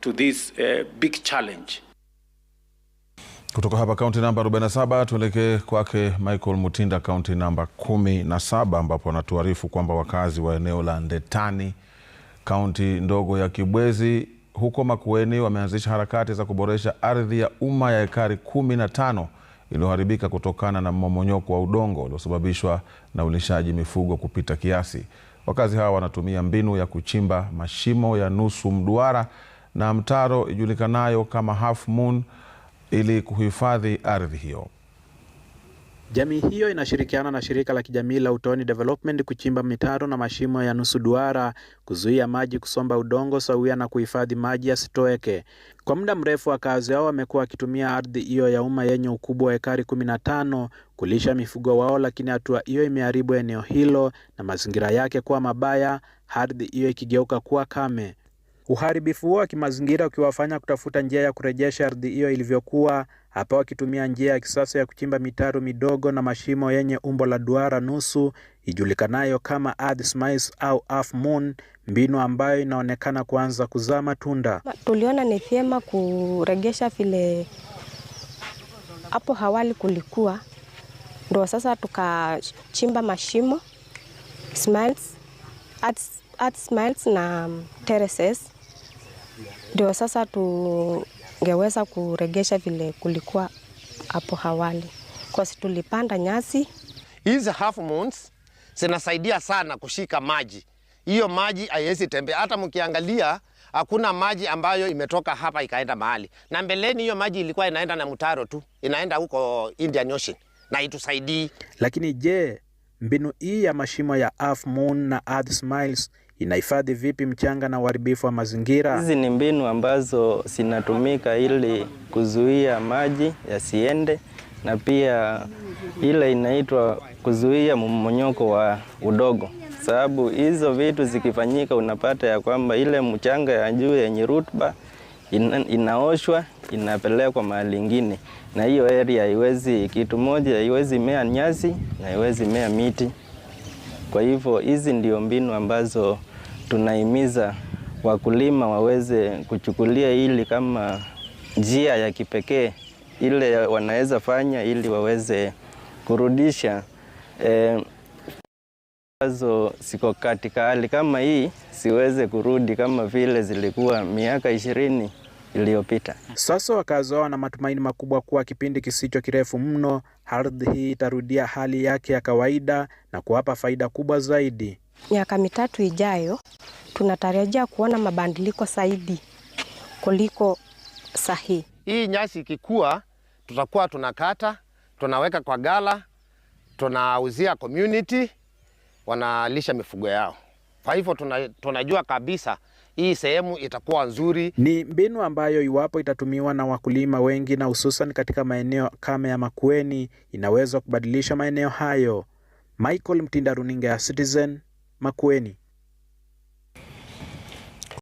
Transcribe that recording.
to this uh, big challenge. Kutoka hapa kaunti namba 47 tuelekee kwake Michael Mutinda kaunti namba 17 ambapo anatuarifu kwamba wakazi wa eneo la Ndetani kaunti ndogo ya Kibwezi huko Makueni wameanzisha harakati za kuboresha ardhi ya umma ya ekari 15 iliyoharibika kutokana na mmomonyoko wa udongo uliosababishwa na ulishaji mifugo kupita kiasi. Wakazi hawa wanatumia mbinu ya kuchimba mashimo ya nusu mduara na mtaro ijulikanayo kama Half Moon ili kuhifadhi ardhi hiyo. Jamii hiyo inashirikiana na shirika la kijamii la Utoni Development kuchimba mitaro na mashimo ya nusu duara kuzuia maji kusomba udongo sawia na kuhifadhi maji yasitoweke. Kwa muda mrefu, wakazi wao wamekuwa wakitumia ardhi hiyo ya umma yenye ukubwa wa hekari 15 kulisha mifugo wao, lakini hatua hiyo imeharibu eneo hilo na mazingira yake kuwa mabaya, ardhi hiyo ikigeuka kuwa kame. Uharibifu huo wa kimazingira ukiwafanya kutafuta njia ya kurejesha ardhi hiyo ilivyokuwa, hapa wakitumia njia ya kisasa ya kuchimba mitaro midogo na mashimo yenye umbo la duara nusu ijulikanayo kama earth smiles au half moon, mbinu ambayo inaonekana kuanza kuzaa matunda. Tuliona ni vyema kuregesha vile hapo hawali kulikuwa, ndo sasa tukachimba mashimo smiles, earth, earth smiles na terraces ndio sasa tungeweza kuregesha vile kulikuwa hapo hawali, kwa sababu tulipanda nyasi. Hizi half moons zinasaidia sana kushika maji, hiyo maji haiwezi tembea. Hata mkiangalia hakuna maji ambayo imetoka hapa ikaenda mahali, na mbeleni hiyo maji ilikuwa inaenda na mtaro tu, inaenda huko Indian Ocean na itusaidii. Lakini je, mbinu hii ya mashimo ya half moon na earth smiles inahifadhi vipi mchanga na uharibifu wa mazingira? Hizi ni mbinu ambazo zinatumika ili kuzuia maji yasiende na pia ile inaitwa kuzuia mmonyoko wa udogo, sababu hizo vitu zikifanyika, unapata ya kwamba ile mchanga ya juu yenye rutuba ina, inaoshwa inapelekwa mahali ingine, na hiyo area haiwezi kitu moja, haiwezi mea nyasi na haiwezi mea miti. Kwa hivyo hizi ndio mbinu ambazo tunahimiza wakulima waweze kuchukulia hili kama njia ya kipekee ile wanaweza fanya ili waweze kurudisha eh, siko katika hali kama hii siweze kurudi kama vile zilikuwa miaka ishirini iliyopita. Sasa wakazi wao wana matumaini makubwa kuwa kipindi kisicho kirefu mno ardhi hii itarudia hali yake ya kawaida na kuwapa faida kubwa zaidi miaka mitatu ijayo tunatarajia kuona mabadiliko zaidi kuliko sahihi Hii nyasi ikikua, tutakuwa tunakata, tunaweka kwa gala, tunauzia community, wanalisha mifugo yao. Kwa hivyo tuna, tunajua kabisa hii sehemu itakuwa nzuri. Ni mbinu ambayo iwapo itatumiwa na wakulima wengi na hususan katika maeneo kame ya Makueni inaweza kubadilisha maeneo hayo. Michael Mtinda, runinga ya Citizen Makueni.